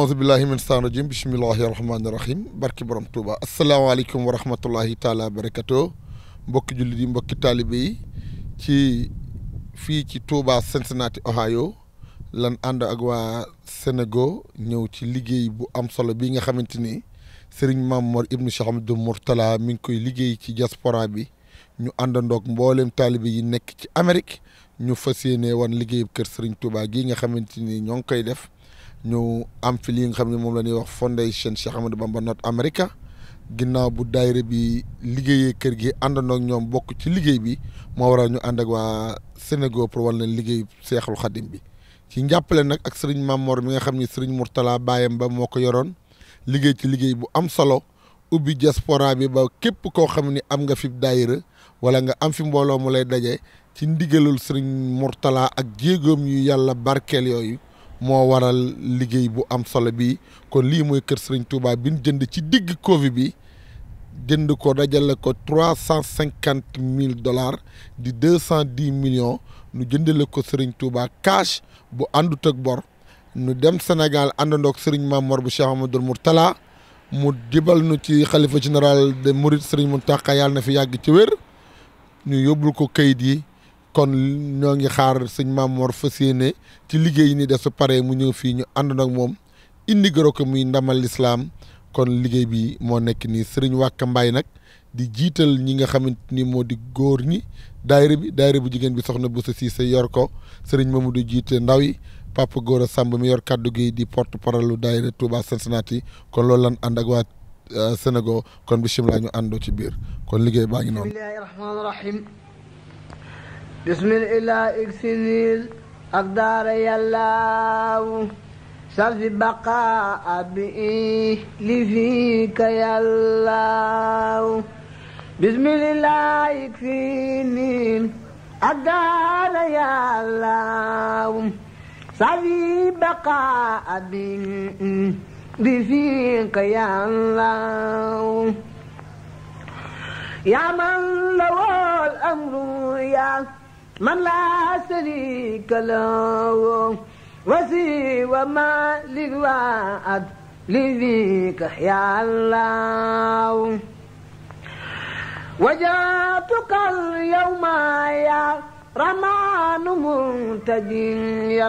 aousubillahi min saan rajim bisimillahi rahmaani rahim barki borom Touba asalaamaaleykum wa rahmatullahi taala wa barakato mbokki jullit yi mbokki taalibe yi ci fii ci Touba Cincinnati Ohio lan ànd ak waa Sénégal ñëw ci liggéey bu am solo bi nga xamante ni Serigne Mamour Ibn Cheikh Amadou Mourtala mi ngi koy liggéey ci diaspora bi ñu àndandoog mbooleem taalibe yi nekk ci Amérique ñu fas yéene wan liggéey kër sëriñ Touba gi nga xamante ni ñoo ngi koy def ñu am fi li nga xam ne moom la ñuy wax fondation Cheikh Amadou Bamba North America ginnaaw bu daayira bi liggéeyee kër gi àndandook ñoom bokk ci liggéey bi moo waral ñu ànd ak waa Sénégal pour wal na liggéey Seexul Xadim bi ci njàppale nag ak sëriñ Mamor mi nga xam ne sëriñ Mourtala baayam ba moo ko yoroon liggéey ci liggéey bu am solo ubbi diaspora bi ba képp koo xam ni am nga fi daayira wala nga am fi mbooloo mu lay daje ci ndigalul sëriñ Mourtala ak jéegoom yu yàlla barkeel yooyu moo waral liggéey bu am solo bi kon lii mooy kër Serigne Touba bi ñu jënd ci digg Covid bi jënd ko dajale ko trois cent cinquante mille dollars di deux cent dix million nu jëndale ko Serigne Touba cash bu àndut ak bor nu dem Sénégal àndandoog Serigne Mamor bu Cheikh mu Mourtala mu jibal nu ci xalifa général de Mouride Serigne Mountakha yàlla na fi yàgg ci wér ñu yóbbul ko kayit yi. kon ñoo ngi xaar sëñ Maam Mor fas yéene ci liggéey yi def su paree mu ñëw fii ñu ànd nag moom indi goro ko muy ndamal lislaam kon liggéey bi moo nekk nii sëriñ Wàkka Mbaay nag di jiital ñi nga xamante ni moo di góor ñi daayira bi daayira bu jigéen bi soxna bu Boussa Cissé yor ko sëriñ Mamadou jiite ndaw yi Papa Gora Samb mi yor kàddu gi di porte parole lu daayira Touba Cincinnati kon loolu lan ànd ak waa euh, Sénégal kon bisimilah ñu àndoo ci biir kon liggéey baa noonu. bismil ilaa iksinil ak daara yàllaawu sarfi baqaa bi li fiika yàllaawu bismil ilaa iksinil ak daara yàllaawu sarfi baqaa bi amru yaa من لا شريك له وسوى ما للوعد لذيك يا الله وجاتك اليوم يا رمان منتجيا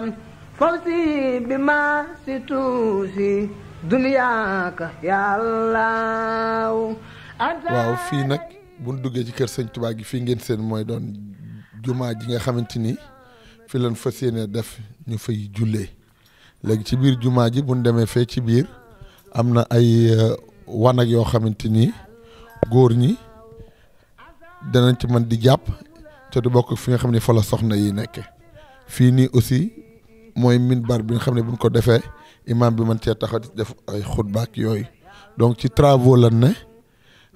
فوزي بما ستوسي دنياك يا الله waaw fii nag bu ñu duggee ci kër sëñ Tuubaa gi fii ngeen seen mooy doon jumaa ji nga xamante ni fi lañ fa yéene def ñu fay jullee léegi ci biir jumaa ji buñ demee fee ci biir am na ay euh, wanag yoo xamante ni góor ñi danañ ci mën di jàpp te du bokk fi nga xam ne fa soxna yi nekk fii nii aussi mooy minbar bi nga xam ne buñ ko defee imam bi mën cee tax def ay xutbaak yooyu donc ci travaux lan ne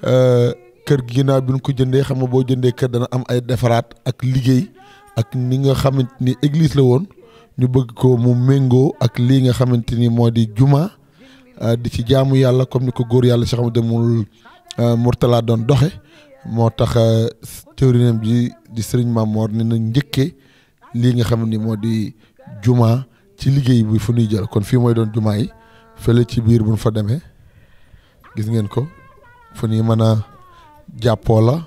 euh, kër gii ginnaaw bi ñu ko jëndee xam nga boo jëndee kër dana am ay defaraat ak liggéey ak ni nga xamante ni église la woon ñu bëgg ko mu méngoo ak lii nga xamante ni moo di juma ah, di ci jaamu yàlla comme ni ko góor yàlla si xamante mu Mourtala doon doxe moo tax théorinam ah, ji di sëriñ Mamor ne na lii nga xam ni moo di juma ci liggéey bi fu ñuy jël kon fii mooy doon jumaa yi fële ci biir bu ñu fa demee gis ngeen ko fu ñuy mën jàppoo la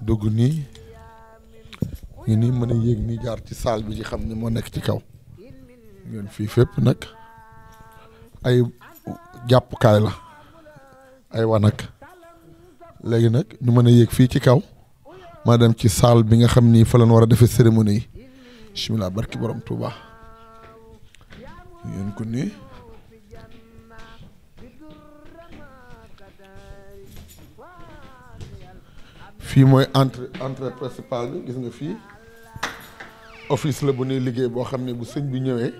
dugg nii ngi nii mën a yéeg nii jaar ci saal bi ci xam ni moo nekk ci kaw ngeen fii fépp nag ay jàppukaay la ay wanag léegi nag ñu mën a yéeg fii ci kaw maa dem ci saal bi nga xam ni fa war a defee cérémonie yi bismillah barki borom Touba ngeen ko nii fii mooy entre entrée principal bi gis nga fii office la bu ñuy liggéey boo xam ne bu sëñ bi ñëwee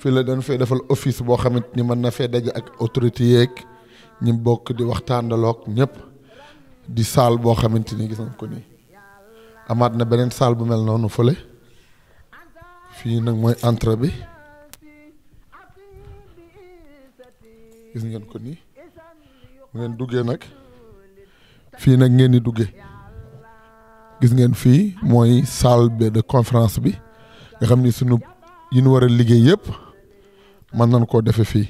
fii la dañ fee defal office boo xamante ni mën na fee daje ak autorité yeeg ñi bokk di waxtaandaloog ñëpp di salle boo xamante ni gis nga ko nii amaat na beneen salle bu mel noonu fële fii nag mooy entrée bi gis ngeen ko nii bu ngeen duggee nag fii nag ngeen di duggee gis ngeen fii mooy salle bi de conférence bi nga xam ni sunu yi ñu war a liggéey yëpp mën nañ koo defee fii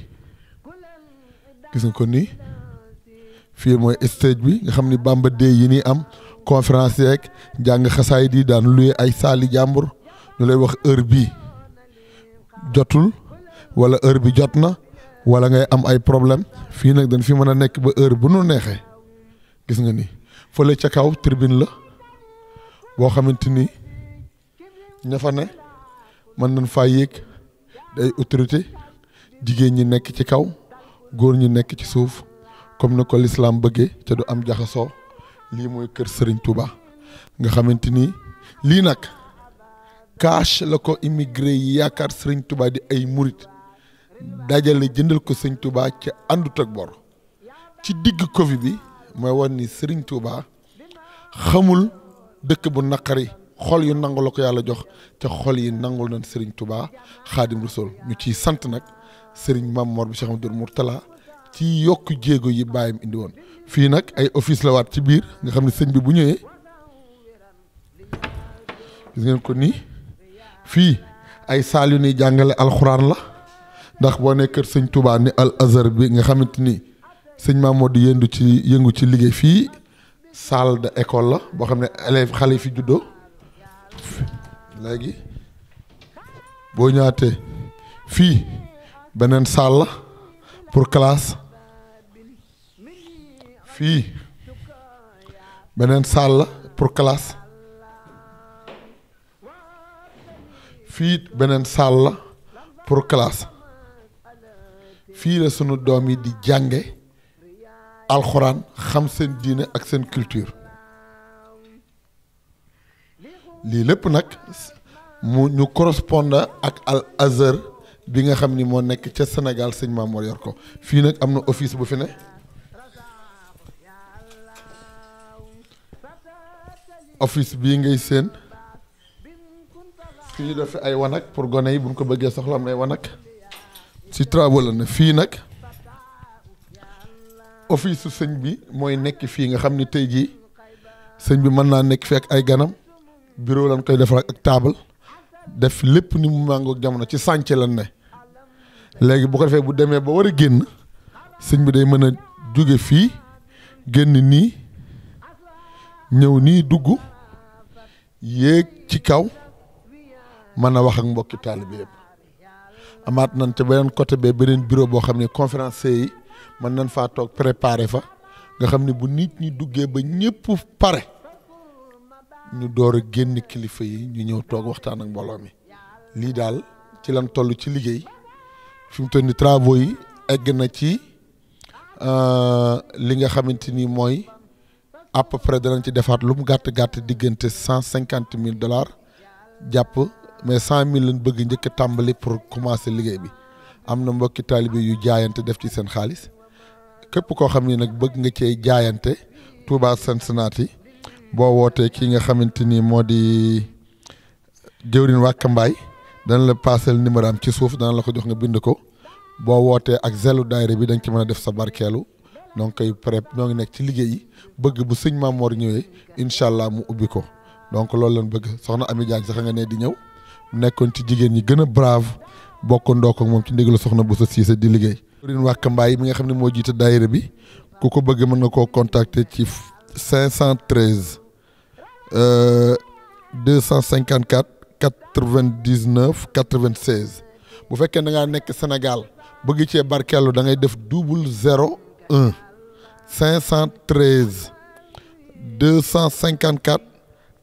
gis nga ko nii fii mooy stage bi nga xam ni bamba dee yi nii am conférence yeeg jàng xasaay di daan luye ay saali jàmbur ñu lay wax heure bii jotul walla heure bi jot na wala ngay am ay problème fii nag dañ fii mën a nekk ba heure bu nu neexee gis nga ni fële ca kaw tribune la boo xamante ni ña fa ne mën nañ faa yéeg day autorité jigéen ñi nekk ci kaw góor ñi nekk ci suuf comme ni ko lislaam bëgge te du am jaxasoo lii mooy kër sëriñ Touba nga xamante ni lii nag cash la ko immigré yi yaakaar sëriñ Touba di ay murit dajale jëndal ko Serigne Touba ca àndut ak bor ci digg Covid bi mooy wax ni sëriñ Touba xamul dëkk bu naqari xol yu nangu la ko yàlla jox te xol yi nangul nañ sëriñ Touba xaadim rasul ñu ciy sant nag sëriñ Mame Mor bi Cheikh Amadou Mourtala ci yokk jéego yi bàyyam indi woon fii nag ay office la waat ci biir nga xam ne sëñ bi bu ñëwee gis ngeen ko nii fii ay saal yu ñuy jàngale alxuraan la ndax boo ne sëñ Touba ni al azhar bi nga xamante ni sëñ Mamadou yëndu ci yëngu ci liggéey fii salle de école la boo xam ne élèves xale yi fi juddoo léegi boo ñaatee fii beneen salle la pour classe fii beneen salle la pour classe fii beneen salle la pour classe fii la sunu doom yi di jànge alxuraan xam seen diine ak seen culture lii lépp nag mu ñu correspondre ak al bi nga xam ni moo nekk ca senegal sëñ Mamour yor ko fii nag am na office bu fi ne office bii ngay séen fii fi ay wanag pour gone yi bu ñu ko bëggee soxla am ay wanag ci travaux la ne fii nag. office sëñ bi mooy nekk fii nga xam ni tey jii sëñ bi mën naa nekk fekk ay ganam bureau lañ koy defar ak taabal def lépp ni mu màngoog jamono ci sànce lan ne léegi bu ko defee bu demee ba war a génn sëñ bi day mën a jóge fii génn nii ñëw nii dugg yéeg ci kaw mën a wax ak mbokki taalibe yëpp amaat nañ ca beneen côté bee beneen bureau boo xam ne conférencier yi. mën nañ faa toog préparer fa nga xam ne bu nit ñi duggee ba ñëpp pare ñu door a génn kilifa yi ñu ñëw toog waxtaan ak mbooloo mi lii daal ci lan toll ci liggéey fi mu toll ni travaux yi egg na ci euh, li nga xamante ni mooy à peu près danañ ci defaat lu mu gàtt gàtt diggante cent cinquante mille dollars jàpp mais cent mille lañ bëgg njëkk tàmbali pour commencer liggéey bi am na mbokki taalibe yu jaayante def ci seen xaalis képp koo xam ni nag bëgg nga cee jaayante Touba Cincinnati boo wootee kii nga xamante ni moo di jëwrin wàkka mbaay dana la paaseel numéro ci suuf dana la ko jox nga bind ko boo wootee ak zelu daayira bi da ci mën a def sa barkeelu donc koy prep ñoo ngi nekk ci liggéey bëgg bu sëñ Mamoor ñëwee incha allah mu ubbi ko donc loolu lañ bëgg soxna Ami Diagne sax nga ne di ñëw nekkoon ci jigéen ñi gën a brave bokkandoo ko moom ci ndigalu soxna bu sa siise di liggéey Doreen Wàkka Mbaay mi nga xam ne moo jiite daayira bi ku ko bëgg mën na koo contacter ci 513 254 99 96 bu fekkee da ngaa nekk Sénégal bëgg cee barkeelu da ngay def double 0 1 513 254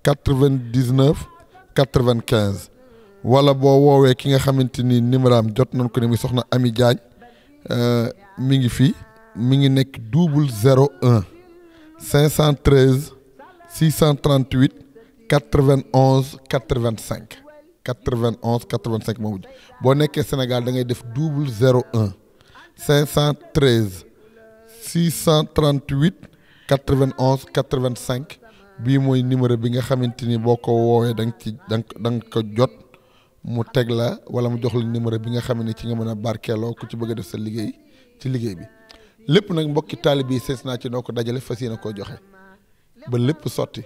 99 95 wala boo woowee ki nga xamante ni numéro am jot nañ ko ne muy soxna Ami Diagne. Euh, mi ngi fi mi ngi nekk double zéro un cinq cent treize six cent trente huit quatre vingt onze quatre vingt cinq quatre vingt onze quatre vingt cinq moom boo nekkee Sénégal da ngay def double zéro un cinq cent treize six cent trente huit quatre vingt onze quatre vingt cinq bii mooy numéro bi nga xamante ni boo ko woowee da nga ci da nga ko jot. mu teg la wala mu jox la numéro bi nga xam ne ci nga mën a barkeeloo ku ci bëgg a def sa liggéey ci liggéey bi lépp nag mbokki taalib yi sees naa ci noo ko dajale fas yéene koo joxe ba lépp sotti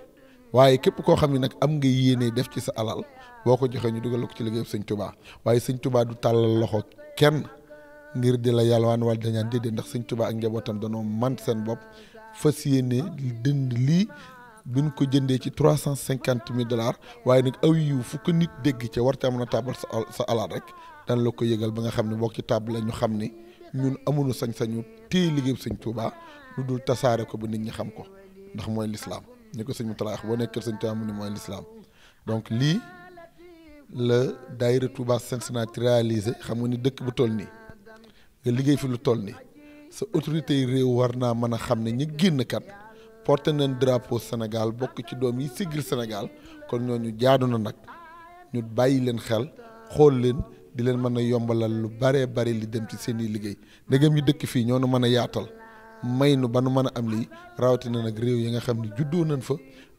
waaye képp koo xam ne nag am nga yéene def ci sa alal boo ko joxee ñu dugal ko ci liggéey sëñ tubaa waaye sëñ tubaa du tàllal loxo kenn ngir di la yalwaan wala dañaan déedéet ndax sëñ tubaa ak njabootam danoo man seen bopp fas yéene dënd lii bi ñu ko jëndee ci trois cent cinquante mille dollars waaye nag aw yiw fu ko nit dégg ca war caa mën a taabal sa sa alaat rek daan la ko yëgal ba nga xam ne bokk ci table la xam ni ñun amuñu sañ-sañu téye liggéey sëñ Touba lu dul tasaare ko ba nit ñi xam ko ndax mooy lislaam ni ko sëñ Moutalla wax boo nekkee sëñ Touba mu ni mooy lislaam donc lii la daayira Touba Cincinnati réalisé xam nga ni dëkk bu toll nii nga liggéey fi lu toll nii sa autorité réew war naa mën a xam ne ñi génn kat. porté nañ drapeau Sénégal bokk ci doom yi siggil Sénégal kon ñoo ñu jaadu na nag ñu bàyyi leen xel xool leen di leen mën a yombalal lu baree bari li dem ci seen i liggéey ndegam ñu dëkk fii ñoo nu mën a yaatal may nu ba nu mën a am lii rawatina nag réew yi nga xam ne juddoo nañ fa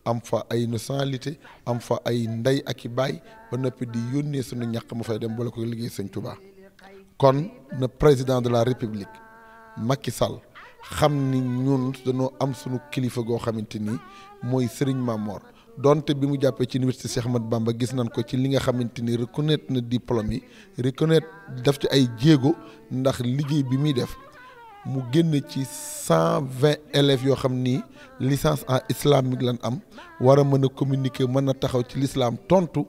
am fa ay nationalité am fa ay ndey ak i baay ba noppi di yónnee suñu ñàkk mu fay dem boole ko liggéey Sëñ Tuubaa kon na président de la république Macky Sall xam ni ñun dañoo am sunu kilifa goo xamante ni mooy Serigne Mamor donte bi mu jàppee ci université Cheikh Ahmad ba gis nañ ko ci li nga xamante ni reconnaître na diplôme yi reconnaître def ci ay jéego ndax liggéey bi muy def mu génn ci cent vingt élèves yoo xam ni licence en islamique lan am war a mën a communiquer mën a taxaw ci l'islam tontu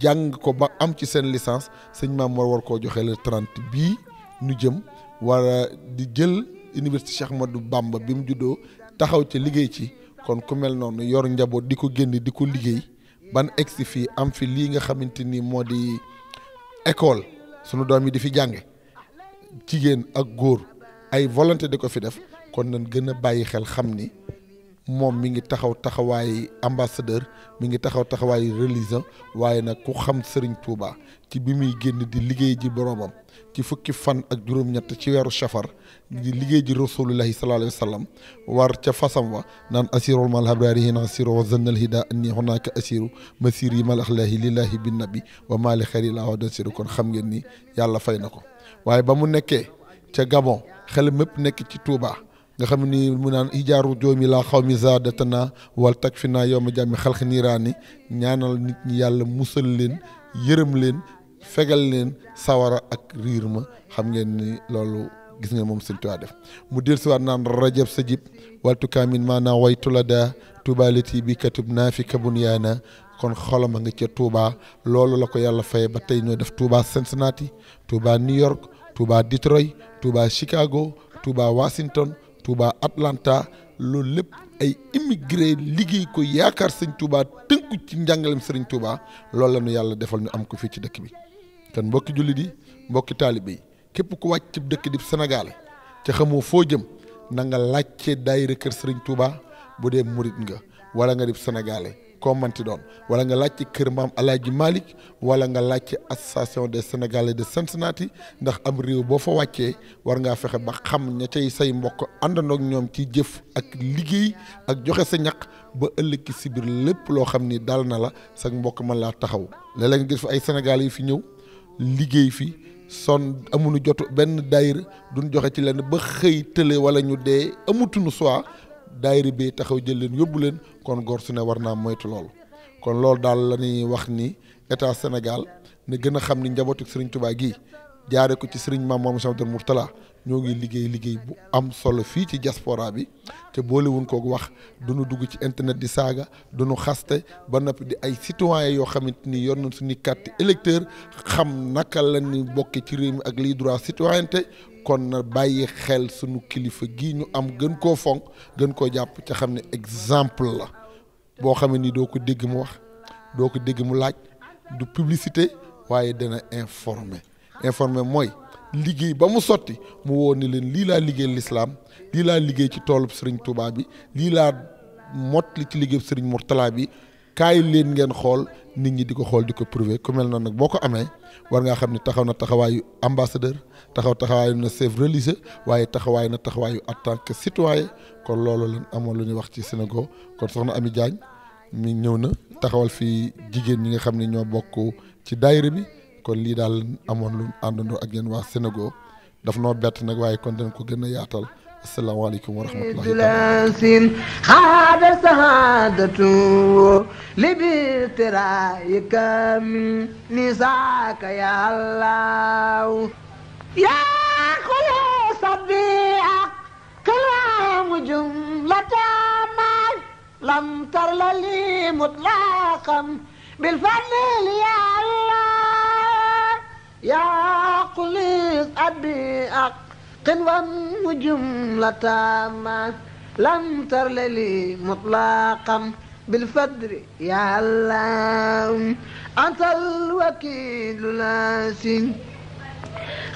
jàng ko ba am ci seen licence sëñ Mamor war koo joxe le trente bii nu jëm war di jël. université ma du Bamba bi mu juddoo taxaw ci liggéey ci kon ku mel noonu yor njaboot di ko génn di ko liggéey ban egsi fii am fi lii nga xamante ni moo di école sunu doom yi di fi jàng jigéen ak góor ay volonté di ko fi def kon nañ gën a bàyyi xel xam ni moom mi ngi taxaw taxawaayu ambassadeur mi ngi taxaw taxawaayu religion waaye nag ku xam sëriñ Touba ci bi muy génn di liggéey ji boromam ci fukki fan ak juróom-ñett ci weeru safar di liggéey ji rasulullahi sallallahu alayhi wa sallam war ca façon wa naan asirul mal habrari hina asiro wa zannal hida anni hunaka asiru masir yi ma mal axlaahi lillahi bin nabi wa mali xari laa wa don siru kon xam ngeen nii yàlla fay na ko waaye ba mu nekkee ca Gabon xel mépp nekk ci Touba nga xam ni mu naan hijaaru joomi laa xaw mi zaadatana wal tag fi naa yow ma jàmmi xalxi niiraani ñaanal nit ñi yàlla musal leen yërëm leen fegal leen sawara ak riir ma xam ngeen ni loolu gis ngeen moom sëñ Tuubaa def mu del siwaat naan rajab sa jib waltu kaamin maanaam way tulada tubaliti bi katub naa fi kabun yaana kon xolam a nga ca Touba loolu la ko yàlla fay ba tey ñoo def tuubaa Cincinnati Touba New York Touba Detroit Touba Chicago Touba Washington Touba Atlanta loolu lépp ay immigré liggéey ko yaakaar sëñ Touba tënku ci njàngaleem sëriñ Touba loolu la ñu yàlla defal ñu am ko fii ci dëkk bi kon mbokki jullit yi mbokki taalibe yi képp ku wàcc ci dëkk di Sénégal ci xamoo foo jëm na nga laajte daayira kër sëriñ Touba bu dee murit nga wala nga dib Sénégalais. koo ti doon wala nga laaj ci kër maam Alaaji Malick wala nga laaj ci association des sénégalais de Cincinnati ndax am réew boo fa wàccee war ngaa fexe ba xam ña cay say mbokk àndandook ñoom ci jëf ak liggéey ak joxe sa ñaq ba ëllëg ci sibir lépp loo xam ni daal na la sa mbokk mën laa taxaw léeg-léeg gis fa ay sénégalais yi fi ñëw liggéey fi son amuñu jot benn daayira duñ joxe ci lenn ba xëy tële wala ñu dee amutunu soi daayira bi taxaw jël leen yóbbu leen kon gor su ne war naa moytu loolu kon loolu daal la ñuy wax ni état Sénégal ne gën a xam ni njabootu sëriñ tubaa gi jaare ko ci Serigne Maam Moom Cheikh Mourtala ñoo ngi liggéey liggéey bu am solo fii ci diaspora bi te boolewuñ kook wax du duñu dugg ci internet di saaga duñu xaste ba noppi di ay citoyen yoo xamante ni yoon nañ suñuy carte électeur xam naka la ñuy bokkee ci réew mi ak lii droit citoyenneté kon na bàyyi xel sunu kilifa gi ñu am gën koo fonk gën koo jàpp ca xam ne exemple la boo xam ne ni doo ko dégg mu wax doo ko dégg mu laaj du publicité waaye dana informer informer mooy liggéey ba mu sotti mu woo ni leen lii laa liggéey lislaam lii laa liggéey ci toolub sëriñ tubaab bi lii laa mott li ci liggéeyub sëriñ Mourtala bi kaay leen ngeen xool nit ñi di ko xool di ko prouver ku mel noonu nag boo ko amee war ngaa xam ne taxaw na taxawaayu ambassadeur taxaw taxawaayu na chef religieux waaye taxawaay na taxawaayu en tant que citoyen kon loolu lan amoon lu ñuy wax ci Sénégal kon soxna Ami Diagne mi ñëw na taxawal fii jigéen ñi nga xam ne ñoo bokk ci daayira bi kon lii daal amoon lu àndandoo ak yéen waa Sénégal daf noo bett nag waaye kon dañ ko gën a yaatal asalaamaaleykum wa rahmatullahi bilasin xaada sahaadatu libirtiraayika min nisaaka yàllaw yaa xulusa bia kalaamu jumlatamaal lam tarlali mutlaqan بالفضل يا الله يا قليل أبي أقل قنوا وجملة ما لم ترللي مطلقا بالفدر يا الله أنت الوكيل لاسين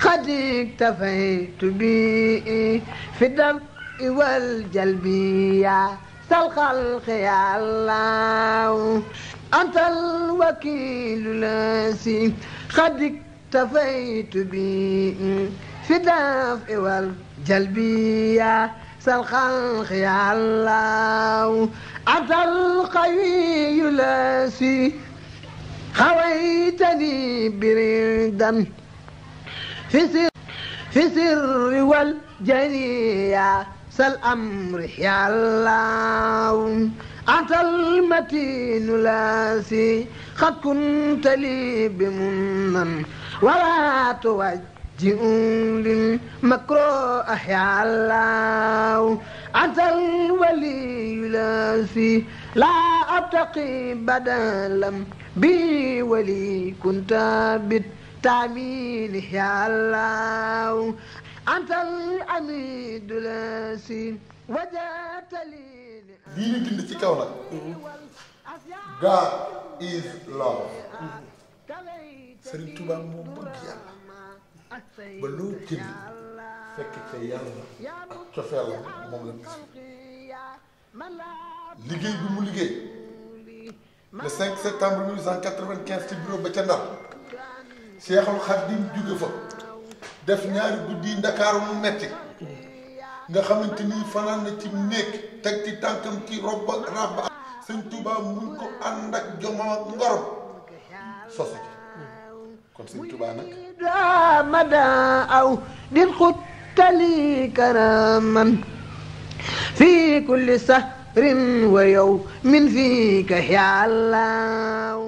قد اكتفيت بي في الدم والجلب يا الخلق يا الله أنت الوكيل لاسين قد اكتفيت بي في الدفء والجلبية سالخلق يا الله أنت القوي الذي خويتني بردا في سر في سر والجنية سالأمر يا الله أنت المتين الذي قد كنت لي بمنا ولا توجه جئون للمكروه أحيا الله أنت الولي لاسي لا أبتقي بدلا بي ولي كنت بالتعميل يا الله أنت العميد لاسي وجات لي lii ñu bind ci kaw nag God is love Serigne Touba moo bëgg yàlla ba lu tibb fekk ca yàlla ak cofeelam moom la gis liggéey bi mu liggéey le 5 septembre 1895 ci bureau ba ca Ndar Seexul Xadiim jóge fa def ñaari guddi Ndakaaru mu metti nga xamante ni fanaan na ci néeg teg ci tànkam ci robba rabba sëñ Tuubaa mu ko ànd ak jomam ak ngorom sosu kon sëñ Tuubaa nag mada aw din xuttali karaman fii kulli sahrin wa yow min fii ka yàllaaw